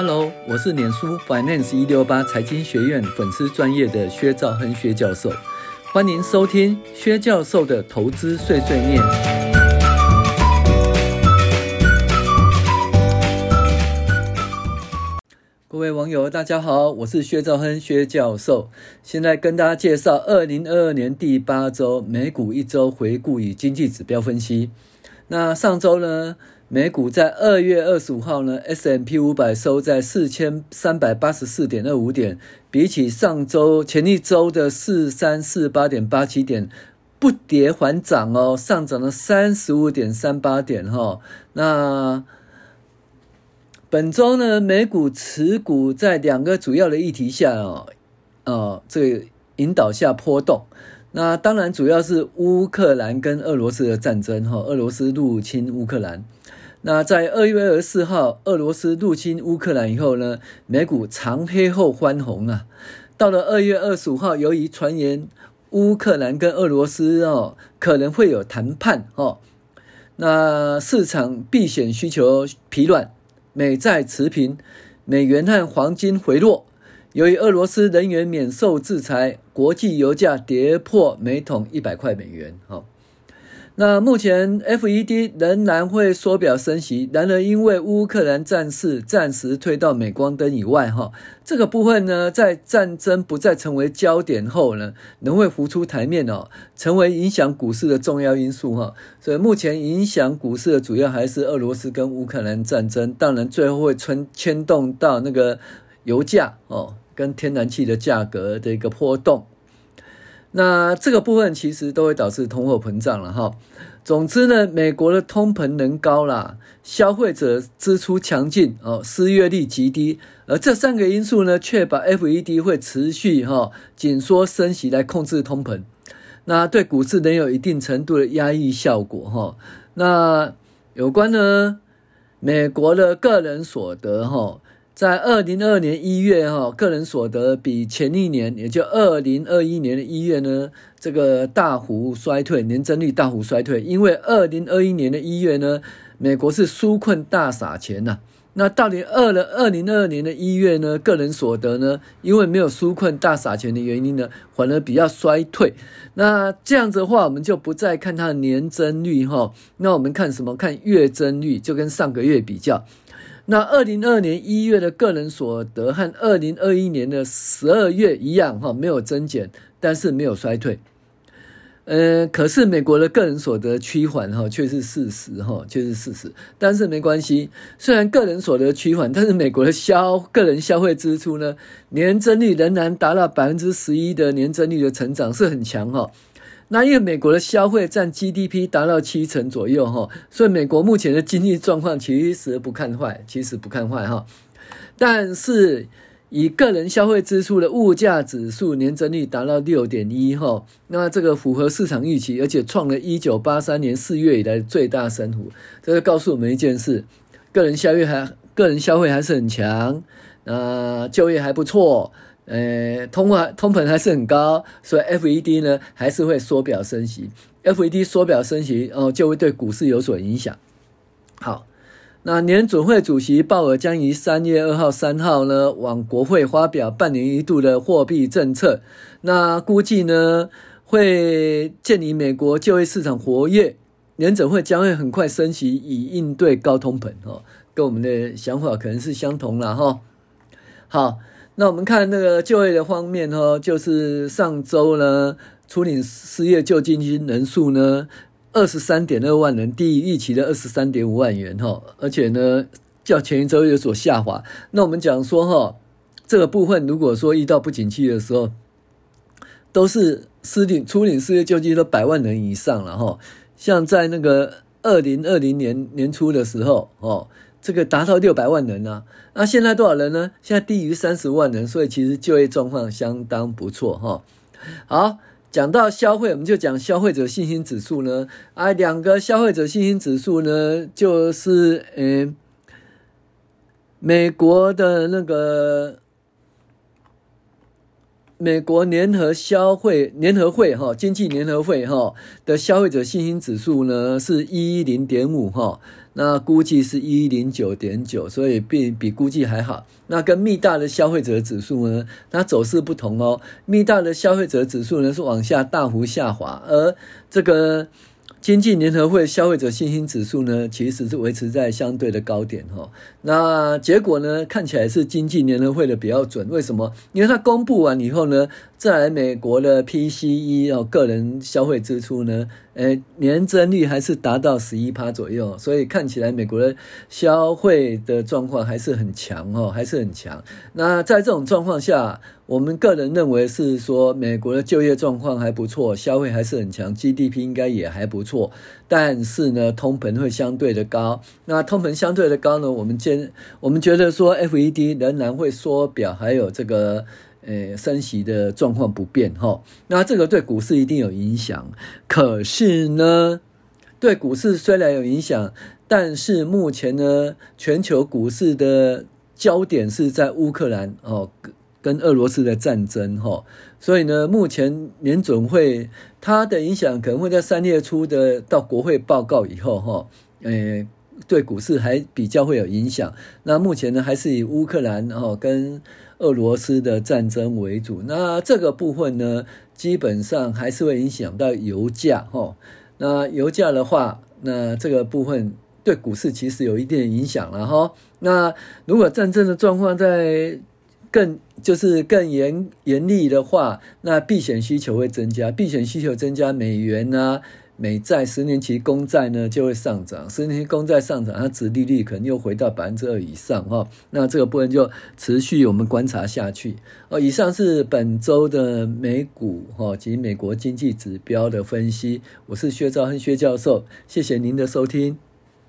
Hello，我是臉書 Finance 一六八財經學院粉絲專業的薛兆亨薛教授，歡迎收聽薛教授的投資碎碎念。各位網友，大家好，我是薛兆亨薛教授，現在跟大家介紹二零二二年第八周美股一周回顧與經濟指標分析。那上週呢，美股在二月二十五號呢，S&P 五百收在四千三百八十四點二五點，比起上周前一周的四三四八點八七點，不跌反漲哦，上漲了三十五點三八點哈。那本周呢，美股持股在兩個主要的議題下哦，哦、呃，這個、引導下波動。那當然主要是烏克蘭跟俄羅斯的戰爭哈、哦，俄羅斯入侵烏克蘭。那在二月二十四號俄羅斯入侵烏克蘭以後呢，美股長黑後翻紅啊。到了二月二十五號，由於傳言烏克蘭跟俄羅斯哦可能會有談判哦，那市場避險需求疲軟，美債持平，美元和黃金回落。由於俄羅斯能源免受制裁，國際油價跌破每桶一百塊美元。哈，那目前 FED 仍然會縮表升息，然而因為烏克蘭戰事暫時推到美光燈以外，哈，這個部分呢，在戰爭不再成為焦點後呢，仍會浮出台面哦，成為影響股市的重要因素。哈，所以目前影響股市的主要還是俄羅斯跟烏克蘭戰爭，當然最後會牽牽動到那個。油價哦，跟天然氣的價格的一個波動，那這個部分其實都會導致通貨膨脹了哈、哦。總之呢，美國的通膨能高了，消費者支出強勁哦，失業率極低，而這三個因素呢，確保 FED 會持續哈緊縮升息來控制通膨。那對股市仍有一定程度的壓抑效果哈、哦。那有關呢，美國的個人所得哈。哦在二零二二年一月，哈，個人所得比前一年，也就二零二一年的一月呢，這個大幅衰退，年增率大幅衰退。因為二零二一年的一月呢，美國是紓困大撒錢吶、啊。那到底二零二零二二年的一月呢，個人所得呢，因為沒有紓困大撒錢的原因呢，反而比較衰退。那這樣子的話，我們就不再看它的年增率，哈。那我們看什麼？看月增率，就跟上個月比較。那二零二二年一月的個人所得和二零二一年的十二月一樣，哈，沒有增減，但是沒有衰退，呃。可是美國的個人所得趨緩，哈，卻是事實，哈，卻是事實。但是沒關係，雖然個人所得趨緩，但是美國的消個人消費支出呢，年增率仍然達到百分之十一的年增率的成長是很強，哈。那因為美國的消費佔 GDP 達到七成左右哈，所以美國目前的經濟狀況其實不看壞，其實不看壞哈。但是以個人消費支出的物價指數年增率達到六點一哈，那這個符合市場預期，而且創了1983年四月以來的最大升幅。這個告訴我們一件事：個人消費還，個人消費還是很強，啊、呃，就業還不錯。呃、欸，通貨通膨還是很高，所以 FED 呢還是會縮表升息。FED 縮表升息哦，就會對股市有所影響。好，那聯準會主席鮑爾將於三月二號、三號呢往國會發表半年一度的貨幣政策。那估計呢會鑑於美國就業市場活躍，聯準會將會很快升息以應對高通膨哦。跟我們的想法可能是相同了哈、哦。好。那我們看那個就業的方面哦，就是上周呢，初領失業救濟金人數呢，二十三點二萬人，低於預期的二十三點五萬元，哦。哈，而且呢，較前一周有所下滑。那我們講說哈，哦，這個部分如果說遇到不景氣的時候，都是失理初領失業救濟都百萬人以上了哈，哦，像在那個二零二零年年初的時候哦。這個達到六百萬人呢，啊，那現在多少人呢？現在低於三十萬人，所以其實就業狀況相當不錯哈。好，講到消費，我們就講消費者信心指數呢。啊，兩個消費者信心指數呢，就是嗯，美國的那個。美國聯合消費聯合會哈、喔、經濟聯合會哈、喔、的消費者信心指數呢是一一零點五哈，那估計是一一零九點九，所以比比估計還好。那跟密大的消費者指數呢，它走勢不同哦、喔。密大的消費者指數呢是往下大幅下滑，而這個。經濟聯合會消費者信心指數呢，其實是維持在相對的高點哈、哦。那結果呢，看起來是經濟聯合會的比較準。為什麼？因為它公布完以後呢，在美國的 PCE 哦，個人消費支出呢，誒，年增率還是達到十一趴左右。所以看起來美國的消費的狀況還是很強哦，還是很強。那在這種狀況下。我們個人認為是說，美國的就業狀況還不錯，消費還是很強，GDP 應該也還不錯。但是呢，通膨會相對的高。那通膨相對的高呢，我們兼我們覺得說，FED 仍然會縮表，還有這個呃升息的狀況不變哈、哦。那這個對股市一定有影響。可是呢，對股市雖然有影響，但是目前呢，全球股市的焦點是在烏克蘭哦。跟俄羅斯的戰爭。所以呢，目前聯準會它的影響可能會在三月初的到國會報告以後哈、呃，對股市還比較會有影響。那目前呢，還是以烏克蘭哈跟俄羅斯的戰爭為主。那這個部分呢，基本上還是會影響到油價哈。那油價的話，那這個部分對股市其實有一定的影響了哈。那如果戰爭的狀況在更就是更嚴嚴厲的話，那避險需求會增加，避險需求增加，美元啊、美債十年期公債呢就會上漲，十年期公債上漲，它殖利率可能又回到百分之二以上哈。那這個部分就持續我們觀察下去哦。以上是本周的美股哈及美國經濟指標的分析，我是薛兆亨薛教授，謝謝您的收聽。